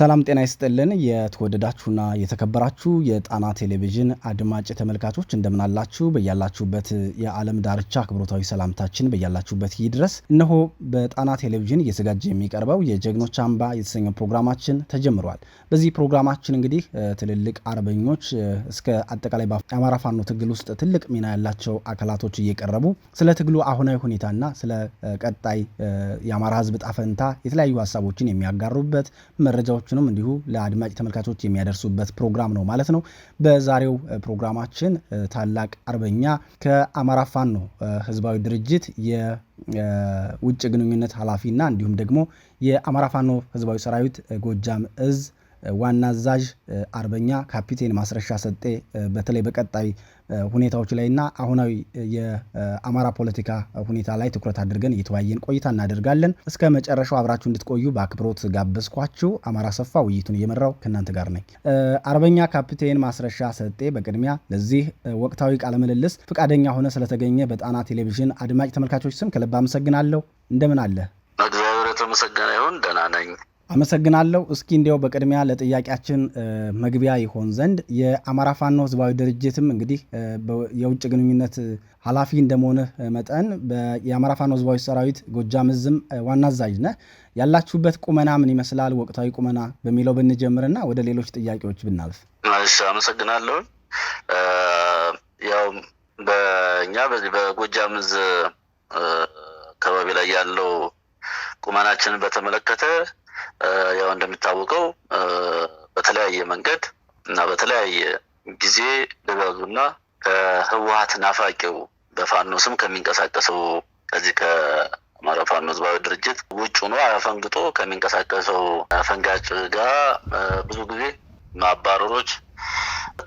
ሰላም ጤና ይስጥልን። የተወደዳችሁና የተከበራችሁ የጣና ቴሌቪዥን አድማጭ ተመልካቾች እንደምናላችሁ በያላችሁበት የዓለም ዳርቻ አክብሮታዊ ሰላምታችን በያላችሁበት ድረስ እነሆ በጣና ቴሌቪዥን እየዘጋጀ የሚቀርበው የጀግኖች አምባ የተሰኘው ፕሮግራማችን ተጀምሯል። በዚህ ፕሮግራማችን እንግዲህ ትልልቅ አርበኞች እስከ አጠቃላይ የአማራ ፋኖ ትግል ውስጥ ትልቅ ሚና ያላቸው አካላቶች እየቀረቡ ስለ ትግሉ አሁናዊ ሁኔታና ስለ ቀጣይ የአማራ ሕዝብ ጣፈንታ የተለያዩ ሀሳቦችን የሚያጋሩበት መረጃዎች ዜናዎችንም እንዲሁ ለአድማጭ ተመልካቾች የሚያደርሱበት ፕሮግራም ነው ማለት ነው። በዛሬው ፕሮግራማችን ታላቅ አርበኛ ከአማራ ፋኖ ህዝባዊ ድርጅት የውጭ ግንኙነት ኃላፊና እንዲሁም ደግሞ የአማራ ፋኖ ህዝባዊ ሰራዊት ጎጃም እዝ ዋና አዛዥ አርበኛ ካፒቴን ማስረሻ ሰጤ በተለይ በቀጣይ ሁኔታዎች ላይ እና አሁናዊ የአማራ ፖለቲካ ሁኔታ ላይ ትኩረት አድርገን እየተወያየን ቆይታ እናደርጋለን። እስከ መጨረሻው አብራችሁ እንድትቆዩ በአክብሮት ጋበዝኳችሁ። አማራ ሰፋ ውይይቱን እየመራው ከእናንተ ጋር ነኝ። አርበኛ ካፕቴን ማስረሻ ሰጤ በቅድሚያ ለዚህ ወቅታዊ ቃለምልልስ ፈቃደኛ ሆነ ስለተገኘ በጣና ቴሌቪዥን አድማጭ ተመልካቾች ስም ከልብ አመሰግናለሁ። እንደምን አለ? እግዚአብሔር የተመሰገነ ይሁን። ደህና ነኝ። አመሰግናለሁ። እስኪ እንዲያው በቅድሚያ ለጥያቄያችን መግቢያ ይሆን ዘንድ የአማራ ፋኖ ህዝባዊ ድርጅትም እንግዲህ የውጭ ግንኙነት ኃላፊ እንደመሆንህ መጠን የአማራ ፋኖ ህዝባዊ ሰራዊት ጎጃም እዝም ዋና አዛዥ ነህ። ያላችሁበት ቁመና ምን ይመስላል? ወቅታዊ ቁመና በሚለው ብንጀምርና ወደ ሌሎች ጥያቄዎች ብናልፍ። አመሰግናለሁ። ያው በእኛ በዚህ በጎጃም እዝ አካባቢ ላይ ያለው ቁመናችንን በተመለከተ ያው እንደሚታወቀው በተለያየ መንገድ እና በተለያየ ጊዜ ደጋዙና ከህወሀት ናፋቂው በፋኖ ስም ከሚንቀሳቀሰው ከዚህ ከአማራ ፋኖ ህዝባዊ ድርጅት ውጭ ሆኖ አፈንግጦ ከሚንቀሳቀሰው አፈንጋጭ ጋር ብዙ ጊዜ ማባረሮች፣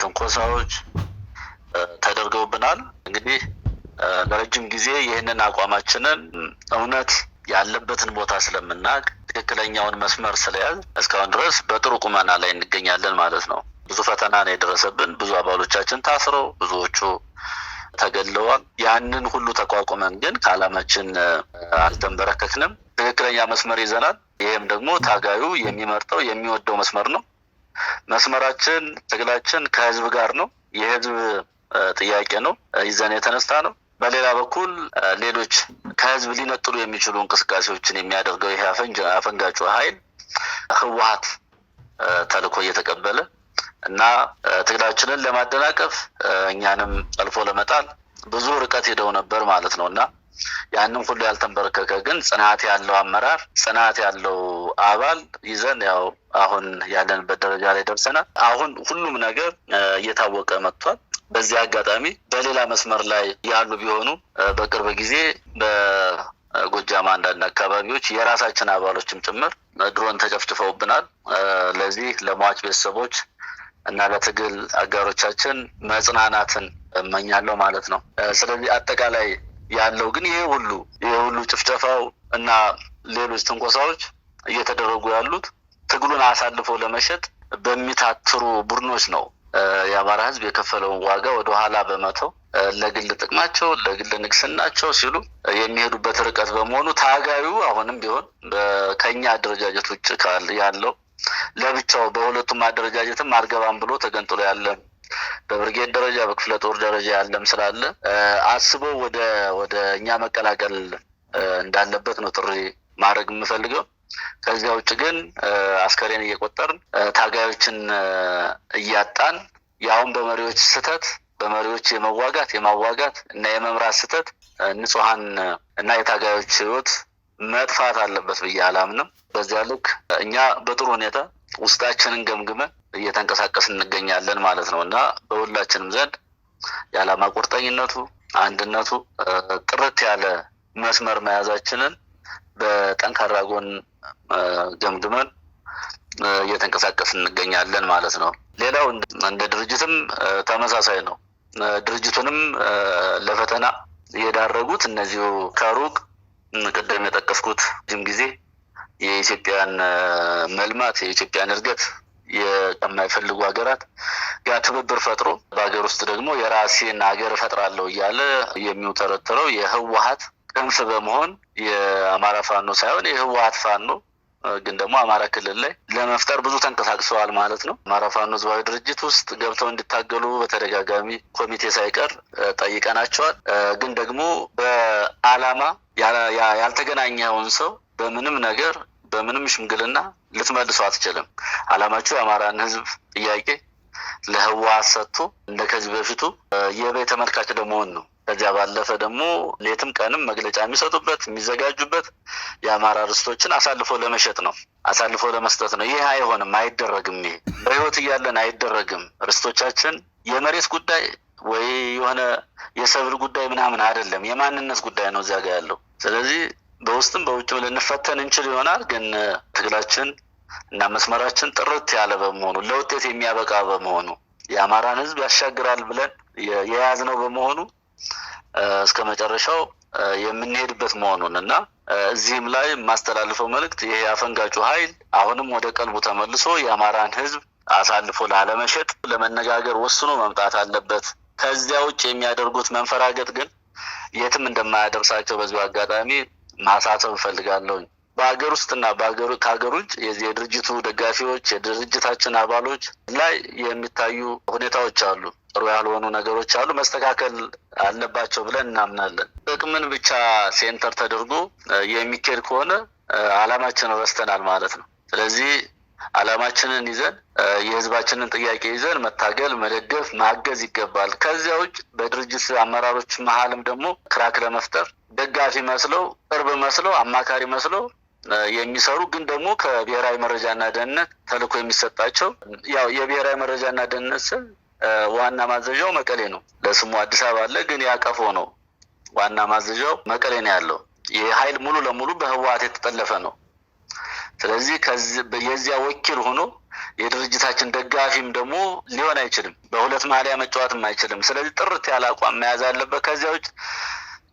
ትንኮሳዎች ተደርገውብናል። እንግዲህ ለረጅም ጊዜ ይህንን አቋማችንን እውነት ያለበትን ቦታ ስለምናውቅ ትክክለኛውን መስመር ስለያዝ እስካሁን ድረስ በጥሩ ቁመና ላይ እንገኛለን ማለት ነው። ብዙ ፈተና ነው የደረሰብን። ብዙ አባሎቻችን ታስረው ብዙዎቹ ተገለዋል ያንን ሁሉ ተቋቁመን ግን ከዓላማችን አልተንበረከክንም። ትክክለኛ መስመር ይዘናል። ይህም ደግሞ ታጋዩ የሚመርጠው የሚወደው መስመር ነው። መስመራችን፣ ትግላችን ከህዝብ ጋር ነው። የህዝብ ጥያቄ ነው ይዘን የተነሳ ነው። በሌላ በኩል ሌሎች ከህዝብ ሊነጥሉ የሚችሉ እንቅስቃሴዎችን የሚያደርገው ይሄ አፈንጋጩ ኃይል ህወሀት ተልኮ እየተቀበለ እና ትግላችንን ለማደናቀፍ እኛንም ጠልፎ ለመጣል ብዙ ርቀት ሄደው ነበር ማለት ነው እና ያንም ሁሉ ያልተንበረከከ ግን ጽናት ያለው አመራር ጽናት ያለው አባል ይዘን ያው አሁን ያለንበት ደረጃ ላይ ደርሰናል። አሁን ሁሉም ነገር እየታወቀ መጥቷል። በዚህ አጋጣሚ በሌላ መስመር ላይ ያሉ ቢሆኑ በቅርብ ጊዜ በጎጃም አንዳንድ አካባቢዎች የራሳችን አባሎችም ጭምር ድሮን ተጨፍጭፈውብናል። ለዚህ ለሟች ቤተሰቦች እና ለትግል አጋሮቻችን መጽናናትን እመኛለሁ ማለት ነው። ስለዚህ አጠቃላይ ያለው ግን ይሄ ሁሉ ይሄ ሁሉ ጭፍጨፋው እና ሌሎች ትንኮሳዎች እየተደረጉ ያሉት ትግሉን አሳልፎ ለመሸጥ በሚታትሩ ቡድኖች ነው። የአማራ ህዝብ የከፈለውን ዋጋ ወደኋላ በመተው ለግል ጥቅማቸው ለግል ንግስናቸው ሲሉ የሚሄዱበት ርቀት በመሆኑ ታጋዩ አሁንም ቢሆን ከኛ አደረጃጀት ውጭ ያለው ለብቻው በሁለቱም አደረጃጀትም አልገባም ብሎ ተገንጥሎ ያለ በብርጌድ ደረጃ በክፍለ ጦር ደረጃ ያለም ስላለ አስበው ወደ ወደ እኛ መቀላቀል እንዳለበት ነው ጥሪ ማድረግ የምፈልገው። ከዚያ ውጭ ግን አስከሬን እየቆጠርን ታጋዮችን እያጣን ያሁን በመሪዎች ስህተት በመሪዎች የመዋጋት የማዋጋት እና የመምራት ስህተት ንጹሐን እና የታጋዮች ህይወት መጥፋት አለበት ብዬ አላምንም። በዚያ ልክ እኛ በጥሩ ሁኔታ ውስጣችንን ገምግመን እየተንቀሳቀስ እንገኛለን ማለት ነው እና በሁላችንም ዘንድ የዓላማ ቁርጠኝነቱ አንድነቱ ጥርት ያለ መስመር መያዛችንን በጠንካራ ጎን ገምግመን እየተንቀሳቀስ እንገኛለን ማለት ነው። ሌላው እንደ ድርጅትም ተመሳሳይ ነው። ድርጅቱንም ለፈተና የዳረጉት እነዚሁ ከሩቅ ቅድም የጠቀስኩት ጅም ጊዜ የኢትዮጵያን መልማት የኢትዮጵያን እድገት የማይፈልጉ ሀገራት ጋር ትብብር ፈጥሮ በሀገር ውስጥ ደግሞ የራሴን ሀገር እፈጥራለሁ እያለ የሚውተረተረው የህወሀት ክንፍ በመሆን የአማራ ፋኖ ሳይሆን የህወሀት ፋኖ ግን ደግሞ አማራ ክልል ላይ ለመፍጠር ብዙ ተንቀሳቅሰዋል ማለት ነው። አማራ ፋኖ ህዝባዊ ድርጅት ውስጥ ገብተው እንዲታገሉ በተደጋጋሚ ኮሚቴ ሳይቀር ጠይቀናቸዋል። ግን ደግሞ በአላማ ያልተገናኘውን ሰው በምንም ነገር በምንም ሽምግልና ልትመልሱ አትችልም። አላማቸው የአማራን ህዝብ ጥያቄ ለህወሀት ሰጥቶ እንደ ከዚህ በፊቱ የበይ ተመልካች ለመሆን ነው። ከዚያ ባለፈ ደግሞ ሌትም ቀንም መግለጫ የሚሰጡበት የሚዘጋጁበት የአማራ ርስቶችን አሳልፎ ለመሸጥ ነው፣ አሳልፎ ለመስጠት ነው። ይህ አይሆንም፣ አይደረግም። ይሄ በህይወት እያለን አይደረግም። ርስቶቻችን የመሬት ጉዳይ ወይ የሆነ የሰብል ጉዳይ ምናምን አይደለም፣ የማንነት ጉዳይ ነው እዚያ ጋር ያለው። ስለዚህ በውስጥም በውጭም ልንፈተን እንችል ይሆናል፣ ግን ትግላችን እና መስመራችን ጥርት ያለ በመሆኑ ለውጤት የሚያበቃ በመሆኑ የአማራን ህዝብ ያሻግራል ብለን የያዝነው በመሆኑ እስከ መጨረሻው የምንሄድበት መሆኑን እና እዚህም ላይ የማስተላልፈው መልእክት ይሄ አፈንጋጩ ኃይል አሁንም ወደ ቀልቡ ተመልሶ የአማራን ህዝብ አሳልፎ ላለመሸጥ ለመነጋገር ወስኖ መምጣት አለበት። ከዚያ ውጭ የሚያደርጉት መንፈራገጥ ግን የትም እንደማያደርሳቸው በዚሁ አጋጣሚ ማሳሰብ እፈልጋለሁኝ። በሀገር ውስጥና ከሀገር ውጭ የድርጅቱ ደጋፊዎች የድርጅታችን አባሎች ላይ የሚታዩ ሁኔታዎች አሉ። ጥሩ ያልሆኑ ነገሮች አሉ፣ መስተካከል አለባቸው ብለን እናምናለን። ጥቅምን ብቻ ሴንተር ተደርጎ የሚካሄድ ከሆነ አላማችንን ረስተናል ማለት ነው። ስለዚህ አላማችንን ይዘን የህዝባችንን ጥያቄ ይዘን መታገል፣ መደገፍ፣ ማገዝ ይገባል። ከዚያ ውጭ በድርጅት አመራሮች መሀልም ደግሞ ክራክ ለመፍጠር ደጋፊ መስለው ቅርብ መስለው አማካሪ መስለው የሚሰሩ ግን ደግሞ ከብሔራዊ መረጃና ደህንነት ተልኮ የሚሰጣቸው ያው የብሔራዊ መረጃና ደህንነት ስል ዋና ማዘዣው መቀሌ ነው። ለስሙ አዲስ አበባ አለ፣ ግን ያቀፎ ነው። ዋና ማዘዣው መቀሌ ነው ያለው። ይህ ኃይል ሙሉ ለሙሉ በህወሀት የተጠለፈ ነው። ስለዚህ የዚያ ወኪል ሆኖ የድርጅታችን ደጋፊም ደግሞ ሊሆን አይችልም። በሁለት ማሊያ መጫወትም አይችልም። ስለዚህ ጥርት ያለ አቋም መያዝ አለበት። ከዚያ ውጭ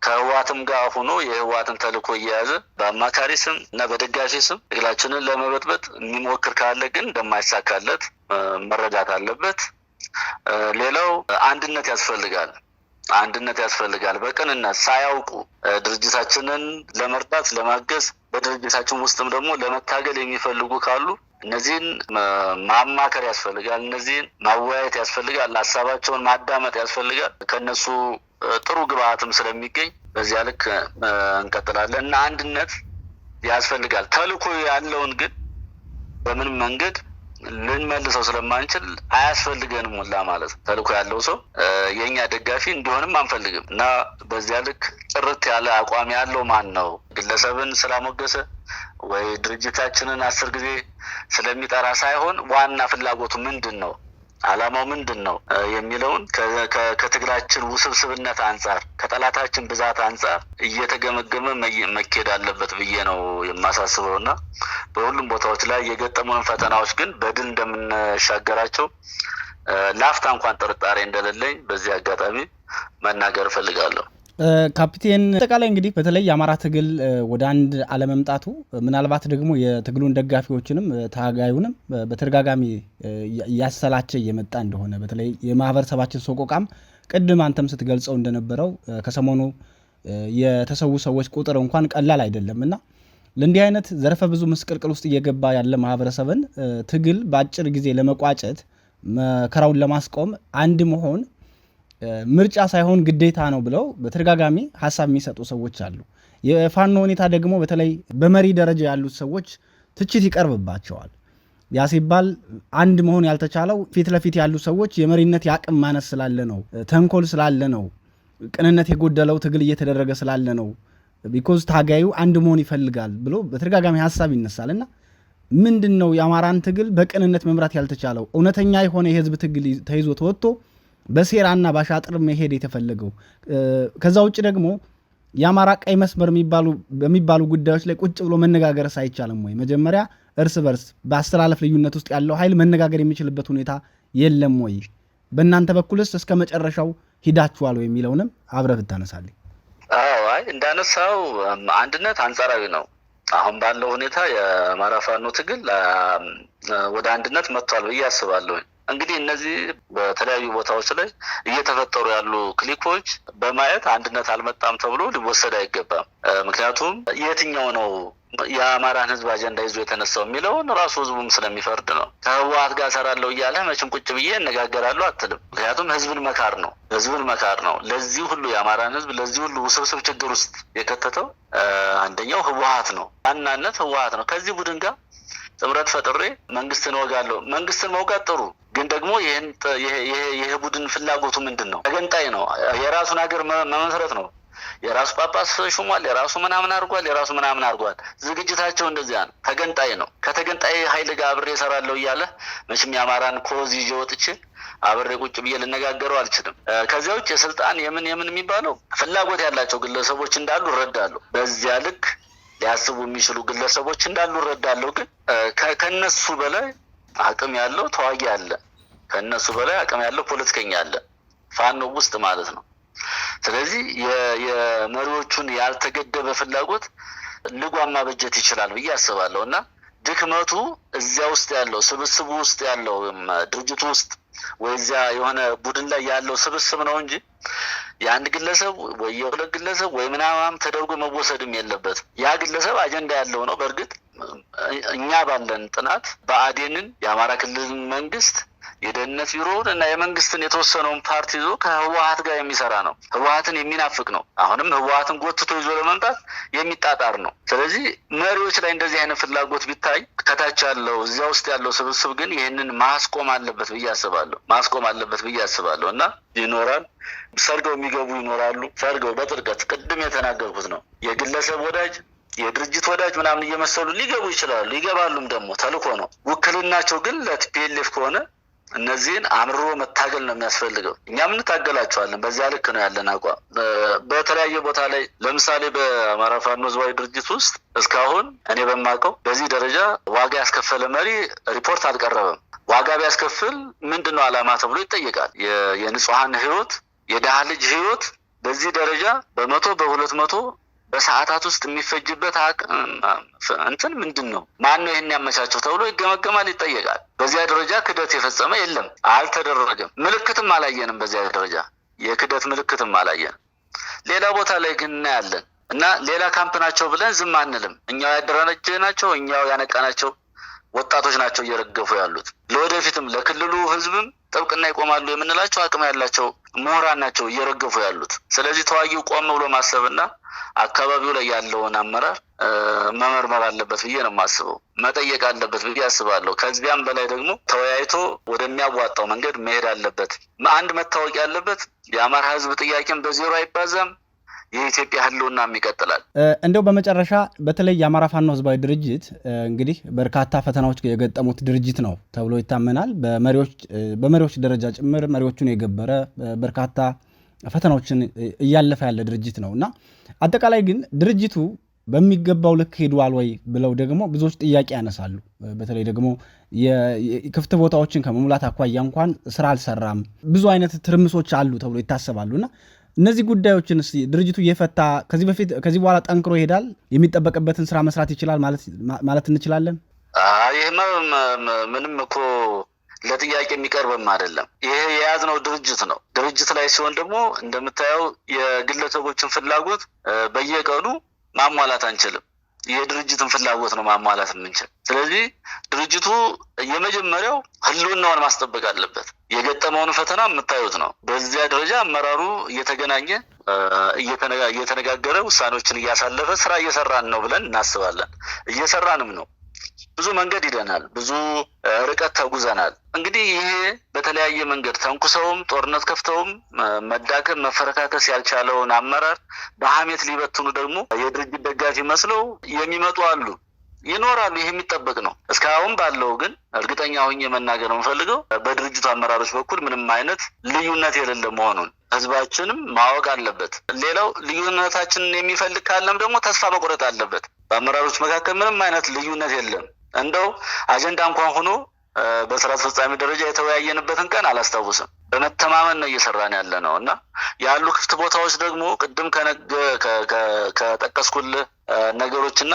ከህዋትም ጋር ሆኖ የህዋትን ተልእኮ እየያዘ በአማካሪ ስም እና በደጋፊ ስም ትግላችንን ለመበጥበጥ የሚሞክር ካለ ግን እንደማይሳካለት መረዳት አለበት። ሌላው አንድነት ያስፈልጋል። አንድነት ያስፈልጋል። በቅንነት ሳያውቁ ድርጅታችንን ለመርዳት ለማገዝ፣ በድርጅታችን ውስጥም ደግሞ ለመታገል የሚፈልጉ ካሉ እነዚህን ማማከር ያስፈልጋል። እነዚህን ማወያየት ያስፈልጋል። ሀሳባቸውን ማዳመጥ ያስፈልጋል። ከነሱ ጥሩ ግብአትም ስለሚገኝ በዚያ ልክ እንቀጥላለን እና አንድነት ያስፈልጋል። ተልእኮ ያለውን ግን በምንም መንገድ ልንመልሰው ስለማንችል አያስፈልገንም ሁላ ማለት ነው። ተልእኮ ያለው ሰው የእኛ ደጋፊ እንዲሆንም አንፈልግም እና በዚያ ልክ ጥርት ያለ አቋም ያለው ማን ነው? ግለሰብን ስላሞገሰ ወይ ድርጅታችንን አስር ጊዜ ስለሚጠራ ሳይሆን ዋና ፍላጎቱ ምንድን ነው? አላማው ምንድን ነው የሚለውን ከትግላችን ውስብስብነት አንጻር ከጠላታችን ብዛት አንጻር እየተገመገመ መኬድ አለበት ብዬ ነው የማሳስበው እና በሁሉም ቦታዎች ላይ የገጠሙን ፈተናዎች ግን በድል እንደምንሻገራቸው ላፍታ እንኳን ጥርጣሬ እንደሌለኝ በዚህ አጋጣሚ መናገር እፈልጋለሁ። ካፒቴን አጠቃላይ እንግዲህ በተለይ የአማራ ትግል ወደ አንድ አለመምጣቱ ምናልባት ደግሞ የትግሉን ደጋፊዎችንም ታጋዩንም በተደጋጋሚ እያሰላቸ እየመጣ እንደሆነ በተለይ የማህበረሰባችን ሰቆቃም ቅድም አንተም ስትገልጸው እንደነበረው ከሰሞኑ የተሰዉ ሰዎች ቁጥር እንኳን ቀላል አይደለም እና ለእንዲህ አይነት ዘርፈ ብዙ ምስቅልቅል ውስጥ እየገባ ያለ ማህበረሰብን ትግል በአጭር ጊዜ ለመቋጨት መከራውን ለማስቆም አንድ መሆን ምርጫ ሳይሆን ግዴታ ነው ብለው በተደጋጋሚ ሀሳብ የሚሰጡ ሰዎች አሉ። የፋኖ ሁኔታ ደግሞ በተለይ በመሪ ደረጃ ያሉት ሰዎች ትችት ይቀርብባቸዋል። ያ ሲባል አንድ መሆን ያልተቻለው ፊት ለፊት ያሉ ሰዎች የመሪነት የአቅም ማነስ ስላለ ነው፣ ተንኮል ስላለ ነው፣ ቅንነት የጎደለው ትግል እየተደረገ ስላለ ነው። ቢኮዝ ታጋዩ አንድ መሆን ይፈልጋል ብሎ በተደጋጋሚ ሀሳብ ይነሳል እና ምንድን ነው የአማራን ትግል በቅንነት መምራት ያልተቻለው? እውነተኛ የሆነ የህዝብ ትግል ተይዞ ተወጥቶ በሴራና በሻጥር መሄድ የተፈለገው። ከዛ ውጭ ደግሞ የአማራ ቀይ መስመር በሚባሉ ጉዳዮች ላይ ቁጭ ብሎ መነጋገርስ አይቻልም ወይ? መጀመሪያ እርስ በርስ በአስተላለፍ ልዩነት ውስጥ ያለው ኃይል መነጋገር የሚችልበት ሁኔታ የለም ወይ? በእናንተ በኩልስ እስከ መጨረሻው ሂዳችኋል ወይ የሚለውንም አብረህ ብታነሳልኝ። አይ እንዳነሳው አንድነት አንጻራዊ ነው። አሁን ባለው ሁኔታ የአማራ ፋኖ ትግል ወደ አንድነት መጥቷል ብዬ አስባለሁኝ። እንግዲህ እነዚህ በተለያዩ ቦታዎች ላይ እየተፈጠሩ ያሉ ክሊኮች በማየት አንድነት አልመጣም ተብሎ ሊወሰድ አይገባም። ምክንያቱም የትኛው ነው የአማራን ህዝብ አጀንዳ ይዞ የተነሳው የሚለውን ራሱ ህዝቡም ስለሚፈርድ ነው። ከህወሓት ጋር ሰራለው እያለ መቼም ቁጭ ብዬ እነጋገራለሁ አትልም። ምክንያቱም ህዝብን መካር ነው ህዝብን መካር ነው። ለዚህ ሁሉ የአማራን ህዝብ ለዚህ ሁሉ ውስብስብ ችግር ውስጥ የከተተው አንደኛው ህወሀት ነው። ዋናነት ህወሀት ነው። ከዚህ ቡድን ጋር ጥምረት ፈጥሬ መንግስትን ወጋለሁ። መንግስትን መውጋት ጥሩ ግን ደግሞ ይህ ቡድን ፍላጎቱ ምንድን ነው? ተገንጣይ ነው። የራሱን ሀገር መመስረት ነው። የራሱ ጳጳስ ሹሟል። የራሱ ምናምን አድርጓል። የራሱ ምናምን አድርጓል። ዝግጅታቸው እንደዚያ ነው። ተገንጣይ ነው። ከተገንጣይ ሀይል ጋር አብሬ እሰራለሁ እያለ መቼም የአማራን ኮዝ ይዤ ወጥቼ አብሬ ቁጭ ብዬ ልነጋገረው አልችልም። ከዚያ ውጭ የስልጣን የምን የምን የሚባለው ፍላጎት ያላቸው ግለሰቦች እንዳሉ እረዳለሁ። በዚያ ልክ ሊያስቡ የሚችሉ ግለሰቦች እንዳሉ እረዳለሁ። ግን ከእነሱ በላይ አቅም ያለው ተዋጊ አለ። ከእነሱ በላይ አቅም ያለው ፖለቲከኛ አለ፣ ፋኖ ውስጥ ማለት ነው። ስለዚህ የመሪዎቹን ያልተገደበ ፍላጎት ልጓም ማበጀት ይችላል ብዬ አስባለሁ እና ድክመቱ እዚያ ውስጥ ያለው ስብስቡ ውስጥ ያለው ድርጅቱ ውስጥ ወይ እዚያ የሆነ ቡድን ላይ ያለው ስብስብ ነው እንጂ የአንድ ግለሰብ ወይ የሁለት ግለሰብ ወይ ምናምን ተደርጎ መወሰድም የለበትም። ያ ግለሰብ አጀንዳ ያለው ነው። በእርግጥ እኛ ባለን ጥናት በአዴንን የአማራ ክልል መንግስት የደህንነት ቢሮውን እና የመንግስትን የተወሰነውን ፓርቲ ይዞ ከህወሀት ጋር የሚሰራ ነው። ህወሀትን የሚናፍቅ ነው። አሁንም ህወሀትን ጎትቶ ይዞ ለመምጣት የሚጣጣር ነው። ስለዚህ መሪዎች ላይ እንደዚህ አይነት ፍላጎት ቢታይ ከታች ያለው እዚያ ውስጥ ያለው ስብስብ ግን ይህንን ማስቆም አለበት ብዬ አስባለሁ። ማስቆም አለበት ብዬ አስባለሁ እና ይኖራል። ሰርገው የሚገቡ ይኖራሉ። ሰርገው በጥልቀት ቅድም የተናገርኩት ነው። የግለሰብ ወዳጅ የድርጅት ወዳጅ ምናምን እየመሰሉ ሊገቡ ይችላሉ። ይገባሉም ደግሞ ተልኮ ነው። ውክልናቸው ግን ለቲፒኤልኤፍ ከሆነ እነዚህን አምርሮ መታገል ነው የሚያስፈልገው። እኛም እንታገላቸዋለን። በዚያ ልክ ነው ያለን አቋም። በተለያየ ቦታ ላይ ለምሳሌ በአማራ ፋኖ ህዝባዊ ድርጅት ውስጥ እስካሁን እኔ በማውቀው በዚህ ደረጃ ዋጋ ያስከፈለ መሪ ሪፖርት አልቀረበም። ዋጋ ቢያስከፍል ምንድን ነው አላማ ተብሎ ይጠየቃል። የንጹሐን ህይወት፣ የድሃ ልጅ ህይወት በዚህ ደረጃ በመቶ በሁለት መቶ በሰዓታት ውስጥ የሚፈጅበት እንትን ምንድን ነው? ማን ነው ይህን ያመቻቸው ተብሎ ይገመገማል፣ ይጠየቃል። በዚያ ደረጃ ክደት የፈጸመ የለም፣ አልተደረገም። ምልክትም አላየንም። በዚያ ደረጃ የክደት ምልክትም አላየንም። ሌላ ቦታ ላይ ግን እናያለን እና ሌላ ካምፕ ናቸው ብለን ዝም አንልም። እኛው ያደራጀናቸው እኛው ያነቃናቸው ወጣቶች ናቸው እየረገፉ ያሉት። ለወደፊትም ለክልሉ ህዝብም ጥብቅና ይቆማሉ የምንላቸው አቅም ያላቸው ምሁራን ናቸው እየረገፉ ያሉት። ስለዚህ ተዋጊው ቆም ብሎ ማሰብና አካባቢው ላይ ያለውን አመራር መመርመር አለበት ብዬ ነው የማስበው። መጠየቅ አለበት ብዬ አስባለሁ። ከዚያም በላይ ደግሞ ተወያይቶ ወደሚያዋጣው መንገድ መሄድ አለበት። አንድ መታወቂያ ያለበት የአማራ ህዝብ ጥያቄም በዜሮ አይባዛም። የኢትዮጵያ ህልውናም ይቀጥላል። እንደው በመጨረሻ በተለይ የአማራ ፋኖ ህዝባዊ ድርጅት እንግዲህ በርካታ ፈተናዎች የገጠሙት ድርጅት ነው ተብሎ ይታመናል። በመሪዎች ደረጃ ጭምር መሪዎቹን የገበረ በርካታ ፈተናዎችን እያለፈ ያለ ድርጅት ነው እና አጠቃላይ ግን ድርጅቱ በሚገባው ልክ ሄዷል ወይ ብለው ደግሞ ብዙዎች ጥያቄ ያነሳሉ። በተለይ ደግሞ ክፍት ቦታዎችን ከመሙላት አኳያ እንኳን ስራ አልሰራም፣ ብዙ አይነት ትርምሶች አሉ ተብሎ ይታሰባሉ እና እነዚህ ጉዳዮችን እስኪ ድርጅቱ እየፈታ ከዚህ በፊት ከዚህ በኋላ ጠንክሮ ይሄዳል፣ የሚጠበቅበትን ስራ መስራት ይችላል ማለት እንችላለን። ይህማ ምንም እኮ ለጥያቄ የሚቀርብም አይደለም። ይሄ የያዝነው ድርጅት ነው። ድርጅት ላይ ሲሆን ደግሞ እንደምታየው የግለሰቦችን ፍላጎት በየቀኑ ማሟላት አንችልም። የድርጅትን ፍላጎት ነው ማሟላት የምንችል። ስለዚህ ድርጅቱ የመጀመሪያው ህልውናውን ማስጠበቅ አለበት። የገጠመውን ፈተና የምታዩት ነው። በዚያ ደረጃ አመራሩ እየተገናኘ እየተነጋገረ ውሳኔዎችን እያሳለፈ ስራ እየሰራን ነው ብለን እናስባለን። እየሰራንም ነው። ብዙ መንገድ ሂደናል፣ ብዙ ርቀት ተጉዘናል። እንግዲህ ይሄ በተለያየ መንገድ ተንኩሰውም ጦርነት ከፍተውም መዳከም መፈረካከስ ያልቻለውን አመራር በሀሜት ሊበትኑ ደግሞ የድርጅት ደጋፊ መስለው የሚመጡ አሉ ይኖራሉ። ይህ የሚጠበቅ ነው። እስካሁን ባለው ግን እርግጠኛ ሁኝ መናገር ነው የምፈልገው በድርጅቱ አመራሮች በኩል ምንም አይነት ልዩነት የሌለ መሆኑን ህዝባችንም ማወቅ አለበት። ሌላው ልዩነታችንን የሚፈልግ ካለም ደግሞ ተስፋ መቁረጥ አለበት። በአመራሮች መካከል ምንም አይነት ልዩነት የለም። እንደው አጀንዳ እንኳን ሆኖ በስራ አስፈጻሚ ደረጃ የተወያየንበትን ቀን አላስታውስም። በመተማመን ነው እየሰራን ያለ ነው እና ያሉ ክፍት ቦታዎች ደግሞ ቅድም ከጠቀስኩልህ ነገሮችና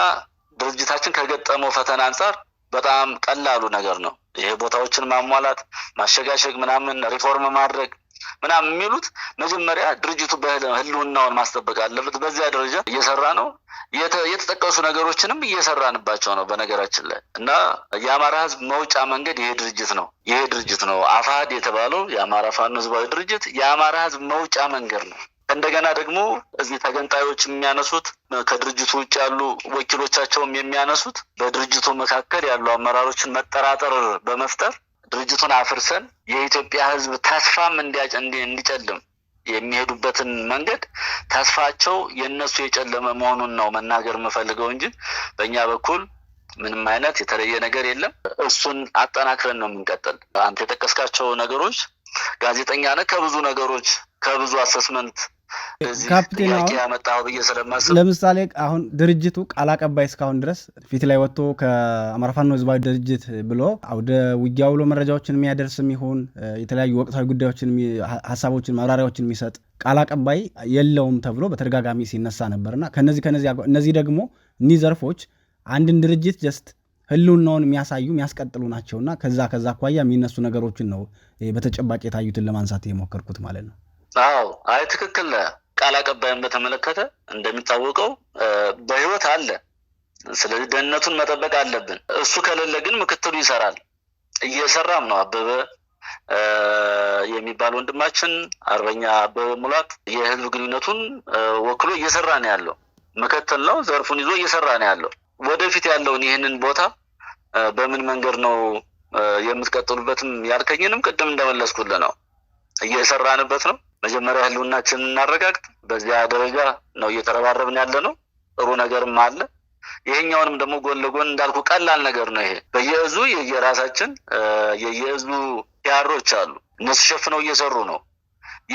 ድርጅታችን ከገጠመው ፈተና አንጻር በጣም ቀላሉ ነገር ነው። ይሄ ቦታዎችን ማሟላት፣ ማሸጋሸግ፣ ምናምን ሪፎርም ማድረግ ምናምን የሚሉት መጀመሪያ ድርጅቱ ህልውናውን ማስጠበቅ አለበት። በዚያ ደረጃ እየሰራ ነው። የተጠቀሱ ነገሮችንም እየሰራንባቸው ነው። በነገራችን ላይ እና የአማራ ህዝብ መውጫ መንገድ ይሄ ድርጅት ነው። ይሄ ድርጅት ነው አፋድ የተባለው የአማራ ፋኖ ህዝባዊ ድርጅት የአማራ ህዝብ መውጫ መንገድ ነው። እንደገና ደግሞ እዚህ ተገንጣዮች የሚያነሱት ከድርጅቱ ውጭ ያሉ ወኪሎቻቸውም የሚያነሱት በድርጅቱ መካከል ያሉ አመራሮችን መጠራጠር በመፍጠር ድርጅቱን አፍርሰን የኢትዮጵያ ሕዝብ ተስፋም እንዲጨልም የሚሄዱበትን መንገድ ተስፋቸው የእነሱ የጨለመ መሆኑን ነው መናገር የምፈልገው እንጂ በእኛ በኩል ምንም አይነት የተለየ ነገር የለም። እሱን አጠናክረን ነው የምንቀጥል። አንተ የጠቀስካቸው ነገሮች ጋዜጠኛ ነህ፣ ከብዙ ነገሮች ከብዙ አሰስመንት ካፕቴን ለምሳሌ አሁን ድርጅቱ ቃል አቀባይ እስካሁን ድረስ ፊት ላይ ወጥቶ ከአማራ ፋኖ ህዝባዊ ድርጅት ብሎ ወደ ውጊያ ብሎ መረጃዎችን የሚያደርስ የሚሆን የተለያዩ ወቅታዊ ጉዳዮችን፣ ሀሳቦችን፣ ማብራሪያዎችን የሚሰጥ ቃል አቀባይ የለውም ተብሎ በተደጋጋሚ ሲነሳ ነበርና ከነዚህ ከነዚህ እነዚህ ደግሞ እኒህ ዘርፎች አንድን ድርጅት ጀስት ህልውናውን የሚያሳዩ የሚያስቀጥሉ ናቸውና ከዛ ከዛ አኳያ የሚነሱ ነገሮችን ነው በተጨባጭ የታዩትን ለማንሳት የሞከርኩት ማለት ነው። አዎ አይ ትክክል ነህ። ቃል አቀባይን በተመለከተ እንደሚታወቀው በህይወት አለ። ስለዚህ ደህንነቱን መጠበቅ አለብን። እሱ ከሌለ ግን ምክትሉ ይሰራል። እየሰራም ነው። አበበ የሚባል ወንድማችን አርበኛ አበበ ሙላት የህዝብ ግንኙነቱን ወክሎ እየሰራ ነው ያለው። ምክትል ነው፣ ዘርፉን ይዞ እየሰራ ነው ያለው። ወደፊት ያለውን ይህንን ቦታ በምን መንገድ ነው የምትቀጥሉበትም ያልከኝንም ቅድም እንደመለስኩልህ ነው እየሰራንበት ነው። መጀመሪያ ህልውናችንን እናረጋግጥ። በዚያ ደረጃ ነው እየተረባረብን ያለ ነው። ጥሩ ነገርም አለ። ይሄኛውንም ደግሞ ጎን ለጎን እንዳልኩ ቀላል ነገር ነው። ይሄ በየእዙ የየራሳችን የየእዙ ፒያሮች አሉ። እነሱ ሸፍነው እየሰሩ ነው።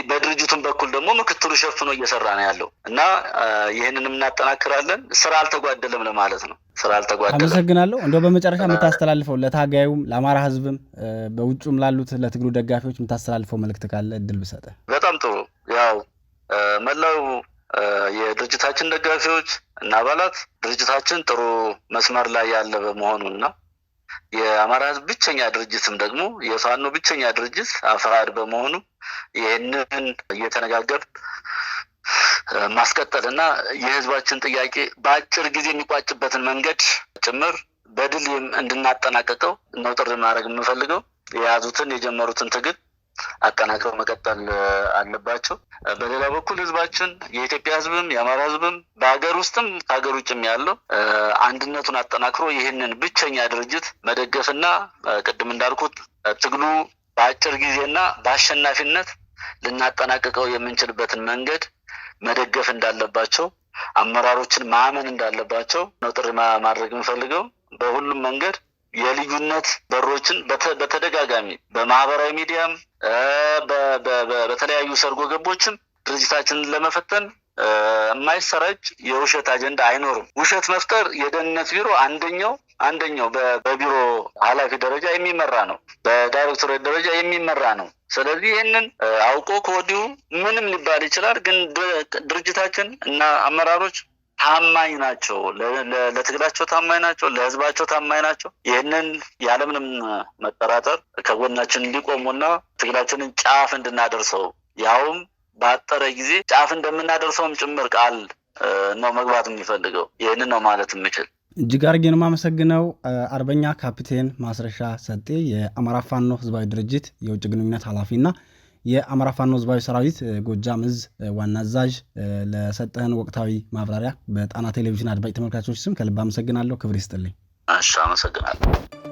በድርጅቱን በኩል ደግሞ ምክትሉ ሸፍኖ እየሰራ ነው ያለው እና ይህንን እናጠናክራለን። ስራ አልተጓደለም ለማለት ነው። ስራ አልተጓደለም። አመሰግናለሁ። እንደው በመጨረሻ የምታስተላልፈው ለታጋዩም፣ ለአማራ ህዝብም በውጩም ላሉት ለትግሉ ደጋፊዎች የምታስተላልፈው መልእክት ካለ እድል ብሰጠ። በጣም ጥሩ። ያው መላው የድርጅታችን ደጋፊዎች እና አባላት ድርጅታችን ጥሩ መስመር ላይ ያለ በመሆኑ እና የአማራ ህዝብ ብቸኛ ድርጅትም ደግሞ የፋኖ ብቸኛ ድርጅት አፋሕድ በመሆኑ ይህንን እየተነጋገር ማስቀጠል እና የህዝባችን ጥያቄ በአጭር ጊዜ የሚቋጭበትን መንገድ ጭምር በድል እንድናጠናቀቀው ነው ጥሪ ማድረግ የምፈልገው። የያዙትን የጀመሩትን ትግል አጠናክረው መቀጠል አለባቸው። በሌላ በኩል ህዝባችን የኢትዮጵያ ህዝብም የአማራ ህዝብም በሀገር ውስጥም ከሀገር ውጭም ያለው አንድነቱን አጠናክሮ ይህንን ብቸኛ ድርጅት መደገፍና ቅድም እንዳልኩት ትግሉ በአጭር ጊዜና በአሸናፊነት ልናጠናቅቀው የምንችልበትን መንገድ መደገፍ እንዳለባቸው አመራሮችን ማመን እንዳለባቸው ነው ጥሪ ማድረግ የምፈልገው በሁሉም መንገድ የልዩነት በሮችን በተደጋጋሚ በማህበራዊ ሚዲያም በተለያዩ ሰርጎ ገቦችም ድርጅታችንን ለመፈተን የማይሰራጭ የውሸት አጀንዳ አይኖርም። ውሸት መፍጠር የደህንነት ቢሮ አንደኛው አንደኛው በቢሮ ኃላፊ ደረጃ የሚመራ ነው፣ በዳይሬክቶሬት ደረጃ የሚመራ ነው። ስለዚህ ይህንን አውቆ ከወዲሁ ምንም ሊባል ይችላል፣ ግን ድርጅታችን እና አመራሮች ታማኝ ናቸው፣ ለትግላቸው ታማኝ ናቸው፣ ለህዝባቸው ታማኝ ናቸው። ይህንን ያለምንም መጠራጠር ከጎናችን እንዲቆሙና ትግላችንን ጫፍ እንድናደርሰው ያውም በአጠረ ጊዜ ጫፍ እንደምናደርሰውም ጭምር ቃል ነው መግባት የሚፈልገው። ይህንን ነው ማለት የምችል። እጅግ አድርጌ ነው የማመሰግነው። አርበኛ ካፕቴን ማስረሻ ሰጤ የአማራ ፋኖ ህዝባዊ ድርጅት የውጭ ግንኙነት ኃላፊና የአማራ ፋኖ ህዝባዊ ሰራዊት ጎጃም እዝ ዋና አዛዥ ለሰጠህን ወቅታዊ ማብራሪያ በጣና ቴሌቪዥን አድማጭ ተመልካቾች ስም ከልብ አመሰግናለሁ። ክብር ይስጥልኝ። አመሰግናለሁ።